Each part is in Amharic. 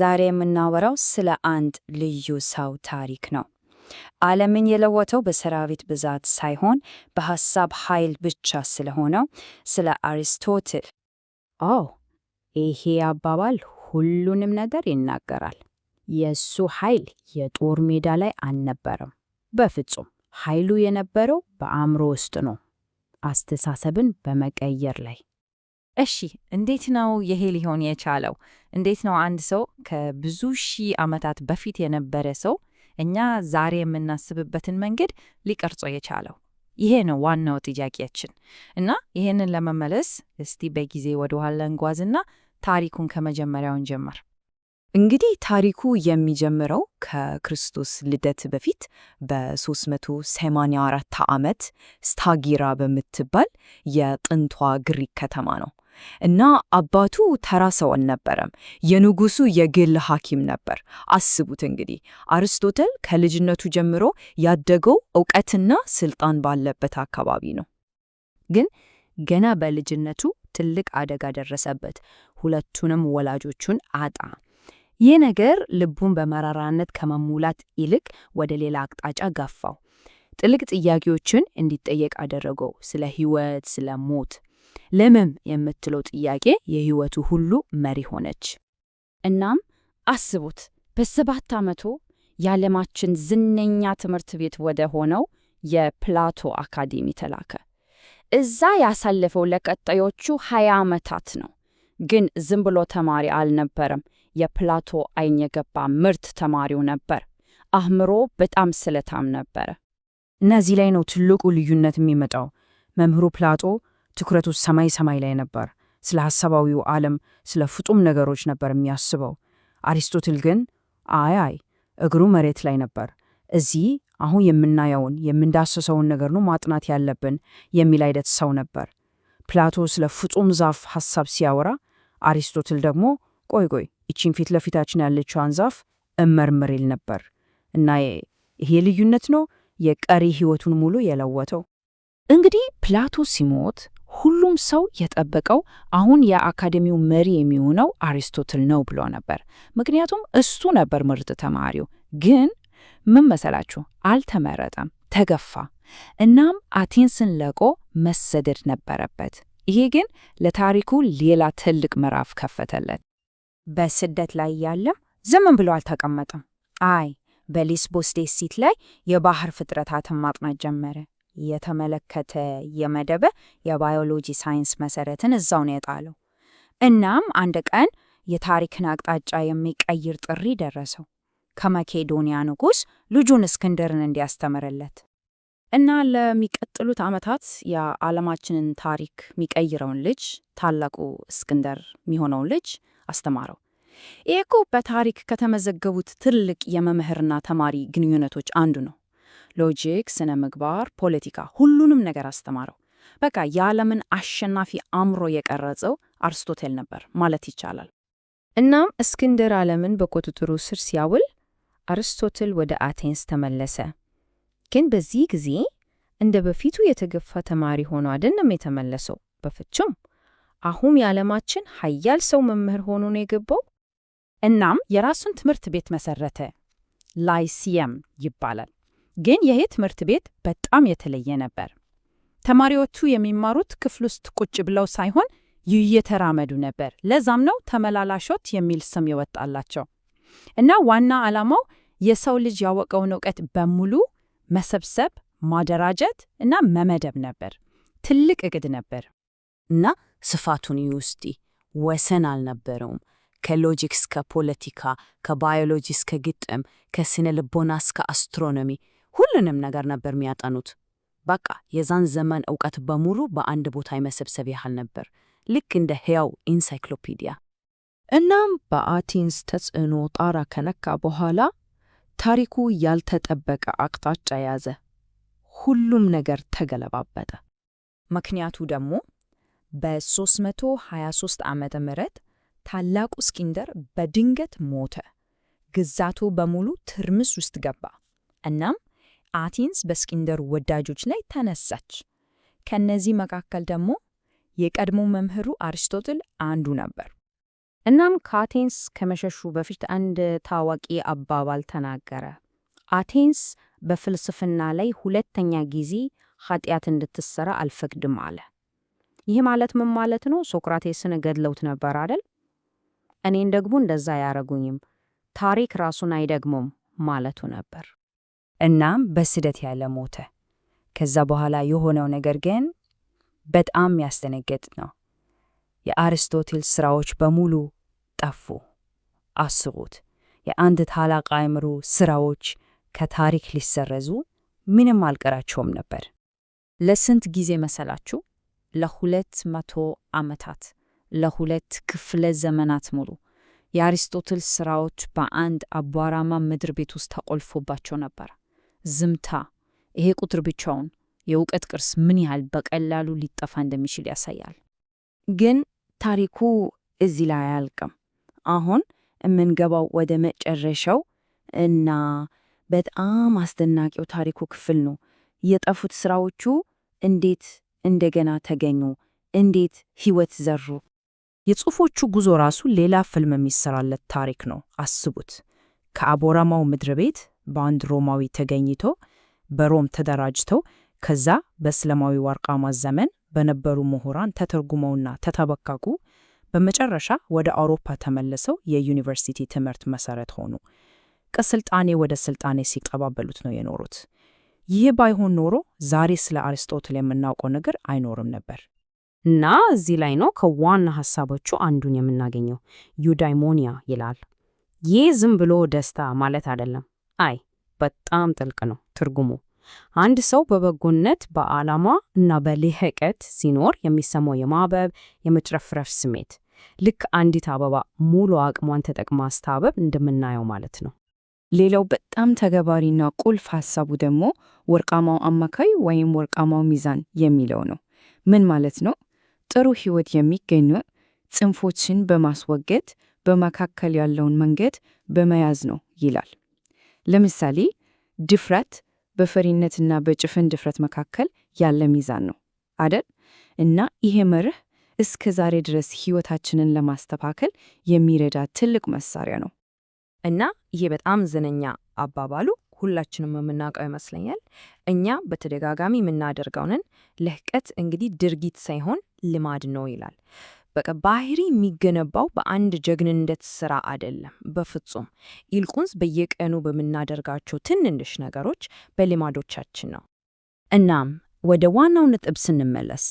ዛሬ የምናወራው ስለ አንድ ልዩ ሰው ታሪክ ነው። ዓለምን የለወጠው በሰራዊት ብዛት ሳይሆን በሐሳብ ኃይል ብቻ ስለሆነው ስለ አሪስቶትል። ኦ ይሄ አባባል ሁሉንም ነገር ይናገራል። የእሱ ኃይል የጦር ሜዳ ላይ አልነበረም፣ በፍጹም። ኃይሉ የነበረው በአእምሮ ውስጥ ነው፣ አስተሳሰብን በመቀየር ላይ። እሺ እንዴት ነው ይሄ ሊሆን የቻለው? እንዴት ነው አንድ ሰው ከብዙ ሺህ ዓመታት በፊት የነበረ ሰው እኛ ዛሬ የምናስብበትን መንገድ ሊቀርጾ የቻለው? ይሄ ነው ዋናው ጥያቄያችን እና ይሄንን ለመመለስ እስቲ በጊዜ ወደኋላ እንጓዝና ታሪኩን ከመጀመሪያውን ጀመር። እንግዲህ ታሪኩ የሚጀምረው ከክርስቶስ ልደት በፊት በ384 ዓመት ስታጊራ በምትባል የጥንቷ ግሪክ ከተማ ነው። እና አባቱ ተራ ሰው አልነበረም፣ የንጉሱ የግል ሐኪም ነበር። አስቡት እንግዲህ አርስቶተል ከልጅነቱ ጀምሮ ያደገው እውቀትና ስልጣን ባለበት አካባቢ ነው። ግን ገና በልጅነቱ ትልቅ አደጋ ደረሰበት። ሁለቱንም ወላጆቹን አጣ። ይህ ነገር ልቡን በመራራነት ከመሙላት ይልቅ ወደ ሌላ አቅጣጫ ገፋው። ጥልቅ ጥያቄዎችን እንዲጠየቅ አደረገው፣ ስለ ሕይወት፣ ስለ ሞት ለምን የምትለው ጥያቄ የህይወቱ ሁሉ መሪ ሆነች። እናም አስቡት በሰባት ዓመቱ የዓለማችን ዝነኛ ትምህርት ቤት ወደ ሆነው የፕላቶ አካዴሚ ተላከ። እዛ ያሳለፈው ለቀጣዮቹ ሀያ ዓመታት ነው። ግን ዝም ብሎ ተማሪ አልነበረም። የፕላቶ አይን የገባ ምርጥ ተማሪው ነበር። አእምሮ በጣም ስለታም ነበረ። እነዚህ ላይ ነው ትልቁ ልዩነት የሚመጣው። መምህሩ ፕላቶ ትኩረቱ ሰማይ ሰማይ ላይ ነበር። ስለ ሐሳባዊው ዓለም፣ ስለ ፍጡም ነገሮች ነበር የሚያስበው። አሪስቶትል ግን አይ አይ፣ እግሩ መሬት ላይ ነበር። እዚህ አሁን የምናየውን የምንዳሰሰውን ነገር ነው ማጥናት ያለብን የሚል አይነት ሰው ነበር። ፕላቶ ስለ ፍጹም ዛፍ ሐሳብ ሲያወራ፣ አሪስቶትል ደግሞ ቆይ ቆይ ይቺን ፊት ለፊታችን ያለችዋን ዛፍ እመርምር ይል ነበር እና ይሄ ልዩነት ነው የቀሪ ሕይወቱን ሙሉ የለወተው። እንግዲህ ፕላቶ ሲሞት ሁሉም ሰው የጠበቀው አሁን የአካዴሚው መሪ የሚሆነው አሪስቶትል ነው ብሎ ነበር። ምክንያቱም እሱ ነበር ምርጥ ተማሪው። ግን ምን መሰላችሁ? አልተመረጠም፣ ተገፋ። እናም አቴንስን ለቆ መሰደድ ነበረበት። ይሄ ግን ለታሪኩ ሌላ ትልቅ ምዕራፍ ከፈተለት። በስደት ላይ ያለ ዝም ብሎ አልተቀመጠም። አይ በሊስቦስ ደሴት ላይ የባህር ፍጥረታትን ማጥናት ጀመረ። እየተመለከተ የመደበ የባዮሎጂ ሳይንስ መሰረትን እዛው ነው የጣለው። እናም አንድ ቀን የታሪክን አቅጣጫ የሚቀይር ጥሪ ደረሰው ከመኬዶንያ ንጉሥ ልጁን እስክንድርን እንዲያስተምርለት እና ለሚቀጥሉት ዓመታት የዓለማችንን ታሪክ የሚቀይረውን ልጅ ታላቁ እስክንደር የሚሆነውን ልጅ አስተማረው። ይሄ እኮ በታሪክ ከተመዘገቡት ትልቅ የመምህርና ተማሪ ግንኙነቶች አንዱ ነው። ሎጂክ፣ ስነ ምግባር፣ ፖለቲካ ሁሉንም ነገር አስተማረው። በቃ የዓለምን አሸናፊ አእምሮ የቀረጸው አርስቶቴል ነበር ማለት ይቻላል። እናም እስክንድር ዓለምን በቁጥጥሩ ስር ሲያውል አርስቶትል ወደ አቴንስ ተመለሰ። ግን በዚህ ጊዜ እንደ በፊቱ የተገፋ ተማሪ ሆኖ አይደለም የተመለሰው። በፍጹም አሁን የዓለማችን ሀያል ሰው መምህር ሆኖ ነው የገባው። እናም የራሱን ትምህርት ቤት መሰረተ። ላይሲየም ይባላል። ግን ይሄ ትምህርት ቤት በጣም የተለየ ነበር። ተማሪዎቹ የሚማሩት ክፍል ውስጥ ቁጭ ብለው ሳይሆን እየተራመዱ ነበር። ለዛም ነው ተመላላሾች የሚል ስም የወጣላቸው። እና ዋና ዓላማው የሰው ልጅ ያወቀውን እውቀት በሙሉ መሰብሰብ፣ ማደራጀት እና መመደብ ነበር። ትልቅ እቅድ ነበር። እና ስፋቱን ውስጢ ወሰን አልነበረውም። ከሎጂክ እስከ ፖለቲካ፣ ከባዮሎጂ እስከ ግጥም፣ ከስነ ልቦና እስከ አስትሮኖሚ ሁሉንም ነገር ነበር የሚያጠኑት። በቃ የዛን ዘመን እውቀት በሙሉ በአንድ ቦታ የመሰብሰብ ያህል ነበር፣ ልክ እንደ ሕያው ኢንሳይክሎፒዲያ። እናም በአቴንስ ተጽዕኖ ጣራ ከነካ በኋላ ታሪኩ ያልተጠበቀ አቅጣጫ ያዘ። ሁሉም ነገር ተገለባበጠ። ምክንያቱ ደግሞ በ323 ዓመተ ምህረት ታላቁ እስኪንደር በድንገት ሞተ። ግዛቱ በሙሉ ትርምስ ውስጥ ገባ። እናም አቲንስ በስኪንደሩ ወዳጆች ላይ ተነሳች። ከነዚህ መካከል ደግሞ የቀድሞ መምህሩ አሪስቶትል አንዱ ነበር። እናም ከአቴንስ ከመሸሹ በፊት አንድ ታዋቂ አባባል ተናገረ። አቴንስ በፍልስፍና ላይ ሁለተኛ ጊዜ ኃጢአት እንድትሰራ አልፈቅድም አለ። ይህ ማለት ምን ማለት ነው? ሶክራቴስን ገድለውት ነበር አደል? እኔን ደግሞ እንደዛ አያረጉኝም፣ ታሪክ ራሱን አይደግሞም ማለቱ ነበር። እናም በስደት ያለ ሞተ። ከዛ በኋላ የሆነው ነገር ግን በጣም ያስደነግጥ ነው። የአርስቶቴል ስራዎች በሙሉ ጠፉ። አስቡት፣ የአንድ ታላቅ አእምሮ ስራዎች ከታሪክ ሊሰረዙ ምንም አልቀራቸውም ነበር። ለስንት ጊዜ መሰላችሁ? ለሁለት መቶ ዓመታት፣ ለሁለት ክፍለ ዘመናት ሙሉ የአሪስቶትል ስራዎች በአንድ አቧራማ ምድር ቤት ውስጥ ተቆልፎባቸው ነበር። ዝምታ። ይሄ ቁጥር ብቻውን የእውቀት ቅርስ ምን ያህል በቀላሉ ሊጠፋ እንደሚችል ያሳያል። ግን ታሪኩ እዚህ ላይ አያልቅም። አሁን የምንገባው ወደ መጨረሻው እና በጣም አስደናቂው ታሪኩ ክፍል ነው። የጠፉት ስራዎቹ እንዴት እንደገና ተገኙ? እንዴት ህይወት ዘሩ? የጽሑፎቹ ጉዞ ራሱ ሌላ ፊልም የሚሰራለት ታሪክ ነው። አስቡት ከአቦራማው ምድር ቤት በአንድ ሮማዊ ተገኝቶ በሮም ተደራጅተው ከዛ በእስላማዊ ወርቃማ ዘመን በነበሩ ምሁራን ተተርጉመውና ተተበካኩ። በመጨረሻ ወደ አውሮፓ ተመልሰው የዩኒቨርሲቲ ትምህርት መሰረት ሆኑ። ከስልጣኔ ወደ ስልጣኔ ሲቀባበሉት ነው የኖሩት። ይህ ባይሆን ኖሮ ዛሬ ስለ አርስቶትል የምናውቀው ነገር አይኖርም ነበር። እና እዚህ ላይ ነው ከዋና ሀሳቦቹ አንዱን የምናገኘው። ዩዳይሞኒያ ይላል። ይህ ዝም ብሎ ደስታ ማለት አይደለም። አይ በጣም ጥልቅ ነው ትርጉሙ። አንድ ሰው በበጎነት በዓላማ እና በልህቀት ሲኖር የሚሰማው የማበብ የመትረፍረፍ ስሜት ልክ አንዲት አበባ ሙሉ አቅሟን ተጠቅማ ስታበብ እንደምናየው ማለት ነው። ሌላው በጣም ተገባሪና ቁልፍ ሀሳቡ ደግሞ ወርቃማው አማካይ ወይም ወርቃማው ሚዛን የሚለው ነው። ምን ማለት ነው? ጥሩ ህይወት የሚገኙ ጽንፎችን በማስወገድ በመካከል ያለውን መንገድ በመያዝ ነው ይላል። ለምሳሌ ድፍረት በፈሪነትና በጭፍን ድፍረት መካከል ያለ ሚዛን ነው አደል? እና ይሄ መርህ እስከ ዛሬ ድረስ ህይወታችንን ለማስተካከል የሚረዳ ትልቅ መሳሪያ ነው። እና ይሄ በጣም ዝነኛ አባባሉ ሁላችንም የምናውቀው ይመስለኛል። እኛ በተደጋጋሚ የምናደርገውን ልህቀት እንግዲህ ድርጊት ሳይሆን ልማድ ነው ይላል። በቃ ባህሪ የሚገነባው በአንድ ጀግንነት ስራ አይደለም፣ በፍጹም ይልቁንስ በየቀኑ በምናደርጋቸው ትንንሽ ነገሮች፣ በልማዶቻችን ነው። እናም ወደ ዋናው ነጥብ ስንመለስ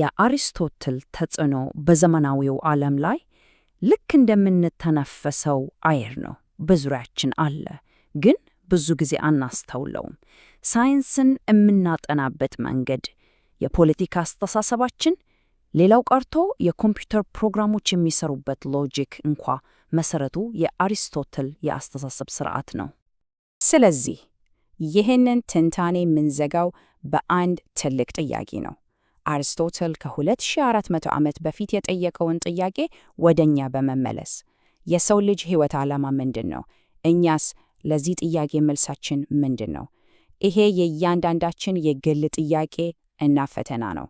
የአሪስቶትል ተጽዕኖ በዘመናዊው ዓለም ላይ ልክ እንደምንተነፈሰው አየር ነው፣ በዙሪያችን አለ፣ ግን ብዙ ጊዜ አናስተውለውም። ሳይንስን የምናጠናበት መንገድ፣ የፖለቲካ አስተሳሰባችን ሌላው ቀርቶ የኮምፒውተር ፕሮግራሞች የሚሰሩበት ሎጂክ እንኳ መሰረቱ የአሪስቶትል የአስተሳሰብ ስርዓት ነው። ስለዚህ ይህንን ትንታኔ የምንዘጋው በአንድ ትልቅ ጥያቄ ነው። አሪስቶትል ከ2400 ዓመት በፊት የጠየቀውን ጥያቄ ወደ እኛ በመመለስ የሰው ልጅ ሕይወት ዓላማ ምንድን ነው? እኛስ ለዚህ ጥያቄ መልሳችን ምንድን ነው? ይሄ የእያንዳንዳችን የግል ጥያቄ እና ፈተና ነው።